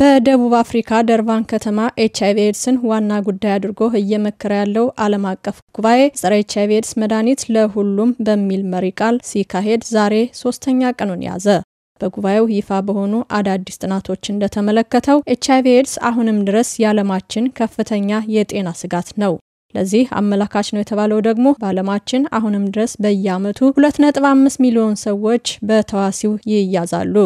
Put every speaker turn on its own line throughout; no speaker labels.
በደቡብ አፍሪካ ደርባን ከተማ ኤች አይቪ ኤድስን ዋና ጉዳይ አድርጎ እየመከረ ያለው ዓለም አቀፍ ጉባኤ ጸረ ኤች አይቪ ኤድስ መድኃኒት ለሁሉም በሚል መሪ ቃል ሲካሄድ ዛሬ ሶስተኛ ቀኑን ያዘ። በጉባኤው ይፋ በሆኑ አዳዲስ ጥናቶች እንደተመለከተው ኤች አይቪ ኤድስ አሁንም ድረስ የዓለማችን ከፍተኛ የጤና ስጋት ነው። ለዚህ አመላካች ነው የተባለው ደግሞ በዓለማችን አሁንም ድረስ በየዓመቱ 2.5 ሚሊዮን ሰዎች በተዋሲው ይያዛሉ።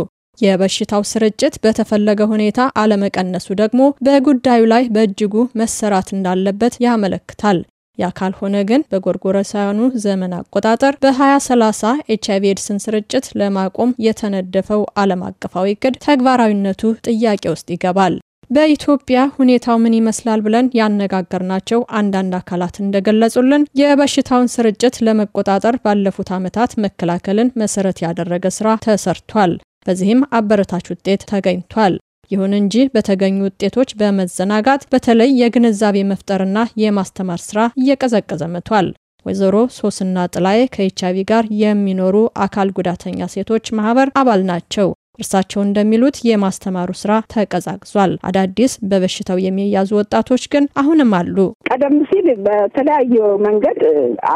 የበሽታው ስርጭት በተፈለገ ሁኔታ አለመቀነሱ ደግሞ በጉዳዩ ላይ በእጅጉ መሰራት እንዳለበት ያመለክታል። ያ ካልሆነ ግን በጎርጎረሳውያኑ ዘመን አቆጣጠር በ2030 ኤች አይቪ ኤድስን ስርጭት ለማቆም የተነደፈው ዓለም አቀፋዊ እቅድ ተግባራዊነቱ ጥያቄ ውስጥ ይገባል። በኢትዮጵያ ሁኔታው ምን ይመስላል ብለን ያነጋገርናቸው አንዳንድ አካላት እንደገለጹልን የበሽታውን ስርጭት ለመቆጣጠር ባለፉት ዓመታት መከላከልን መሰረት ያደረገ ስራ ተሰርቷል። በዚህም አበረታች ውጤት ተገኝቷል። ይሁን እንጂ በተገኙ ውጤቶች በመዘናጋት በተለይ የግንዛቤ መፍጠርና የማስተማር ስራ እየቀዘቀዘ መጥቷል። ወይዘሮ ሶስና ጥላዬ ከኤች አይቪ ጋር የሚኖሩ አካል ጉዳተኛ ሴቶች ማህበር አባል ናቸው። እርሳቸው እንደሚሉት የማስተማሩ ስራ ተቀዛቅዟል። አዳዲስ በበሽታው የሚያዙ ወጣቶች ግን አሁንም አሉ።
ቀደም ሲል በተለያየ መንገድ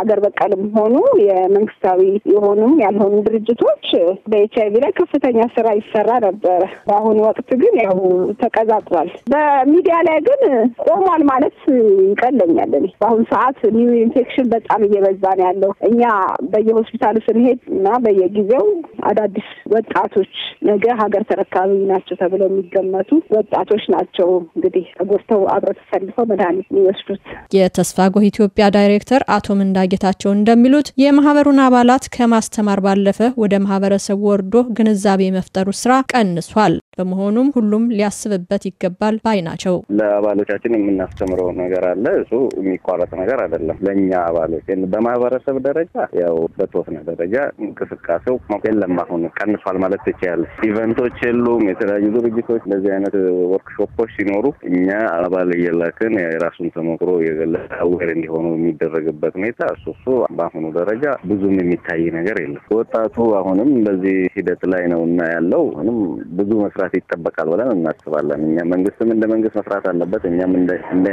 አገር በቀልም ሆኑ የመንግስታዊ የሆኑም ያልሆኑ ድርጅቶች በኤች አይቪ ላይ ከፍተኛ ስራ ይሰራ ነበረ። በአሁኑ ወቅት ግን ያው ተቀዛቅዟል። በሚዲያ ላይ ግን ቆሟል ማለት ይቀለኛል። በአሁኑ ሰዓት ኒው ኢንፌክሽን በጣም እየበዛ ነው ያለው። እኛ በየሆስፒታሉ ስንሄድ እና በየጊዜው አዳዲስ ወጣቶች ነገ ሀገር ተረካቢ ናቸው ተብለው የሚገመቱ ወጣቶች ናቸው። እንግዲህ ተጎድተው አብረው ተሰልፈው መድኃኒት የሚወስዱት
የተስፋ ጎህ ኢትዮጵያ ዳይሬክተር አቶ ምንዳጌታቸው እንደሚሉት የማህበሩን አባላት ከማስተማር ባለፈ ወደ ማህበረሰቡ ወርዶ ግንዛቤ መፍጠሩ ስራ ቀንሷል። በመሆኑም ሁሉም ሊያስብበት ይገባል ባይ ናቸው።
ለአባሎቻችን የምናስተምረው ነገር አለ። እሱ የሚቋረጥ ነገር አይደለም። ለእኛ አባሎች በማህበረሰብ ደረጃ ያው በተወሰነ ደረጃ እንቅስቃሴው የለም። አሁን ቀንሷል ማለት ትችላለች። ኢቨንቶች የሉም። የተለያዩ ድርጅቶች እንደዚህ አይነት ወርክሾፖች ሲኖሩ እኛ አባል እየላክን የራሱን ተሞክሮ የገለወር እንዲሆኑ የሚደረግበት ሁኔታ እሱ እሱ በአሁኑ ደረጃ ብዙም የሚታይ ነገር የለም። ወጣቱ አሁንም በዚህ ሂደት ላይ ነው እና ያለው ብዙ መስራት መስራት ይጠበቃል ብለን እናስባለን። እኛ መንግስትም እንደ መንግስት መስራት አለበት፣ እኛም እንደ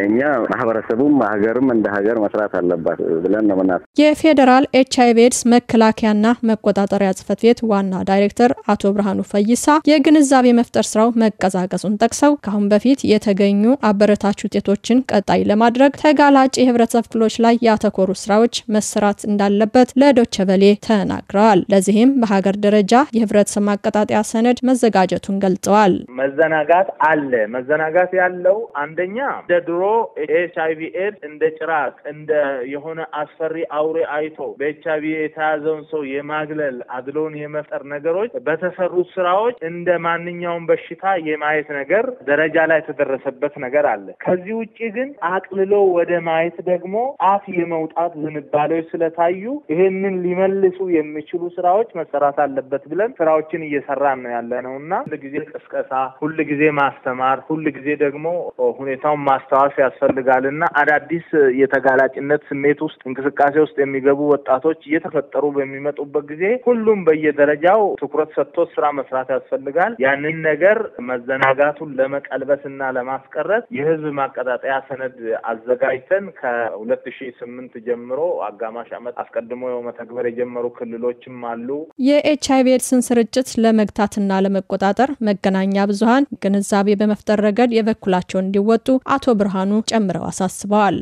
እኛ ማህበረሰቡም ሀገርም እንደ ሀገር መስራት አለባት ብለን ነው ምናስ
የፌዴራል ኤች ቪ ኤድስ መከላከያና መቆጣጠሪያ ጽህፈት ቤት ዋና ዳይሬክተር አቶ ብርሃኑ ፈይሳ የግንዛቤ መፍጠር ስራው መቀዛቀዙን ጠቅሰው ከአሁን በፊት የተገኙ አበረታች ውጤቶችን ቀጣይ ለማድረግ ተጋላጭ የህብረተሰብ ክፍሎች ላይ ያተኮሩ ስራዎች መሰራት እንዳለበት ለዶቸበሌ ተናግረዋል። ለዚህም በሀገር ደረጃ የህብረተሰብ ማቀጣጠያ ሰነድ መዘጋጀቱን ገልጸዋል። ገልጸዋል።
መዘናጋት አለ። መዘናጋት ያለው አንደኛ እንደ ድሮ ኤች አይ ቪ ኤድስ እንደ ጭራቅ እንደ የሆነ አስፈሪ አውሬ አይቶ በኤች አይ ቪ የተያዘውን ሰው የማግለል አድሎን የመፍጠር ነገሮች በተሰሩት ስራዎች እንደ ማንኛውም በሽታ የማየት ነገር ደረጃ ላይ የተደረሰበት ነገር አለ። ከዚህ ውጭ ግን አቅልሎ ወደ ማየት ደግሞ አፍ የመውጣት ዝንባሌዎች ስለታዩ ይህንን ሊመልሱ የሚችሉ ስራዎች መሰራት አለበት ብለን ስራዎችን እየሰራን ነው ያለ ነው እና ጊዜ ቅስቀሳ፣ ሁል ጊዜ ማስተማር፣ ሁል ጊዜ ደግሞ ሁኔታውን ማስታወስ ያስፈልጋል እና አዳዲስ የተጋላጭነት ስሜት ውስጥ እንቅስቃሴ ውስጥ የሚገቡ ወጣቶች እየተፈጠሩ በሚመጡበት ጊዜ ሁሉም በየደረጃው ትኩረት ሰጥቶ ስራ መስራት ያስፈልጋል። ያንን ነገር መዘናጋቱን ለመቀልበስ እና ለማስቀረት የህዝብ ማቀጣጠያ ሰነድ አዘጋጅተን ከሁለት ሺ ስምንት ጀምሮ አጋማሽ ዓመት አስቀድሞ መተግበር የጀመሩ ክልሎችም አሉ።
የኤች አይቪ ኤድስን ስርጭት ለመግታትና ለመቆጣጠር መገናኛ ብዙሀን ግንዛቤ በመፍጠር ረገድ የበኩላቸውን እንዲወጡ አቶ ብርሃኑ ጨምረው አሳስበዋል።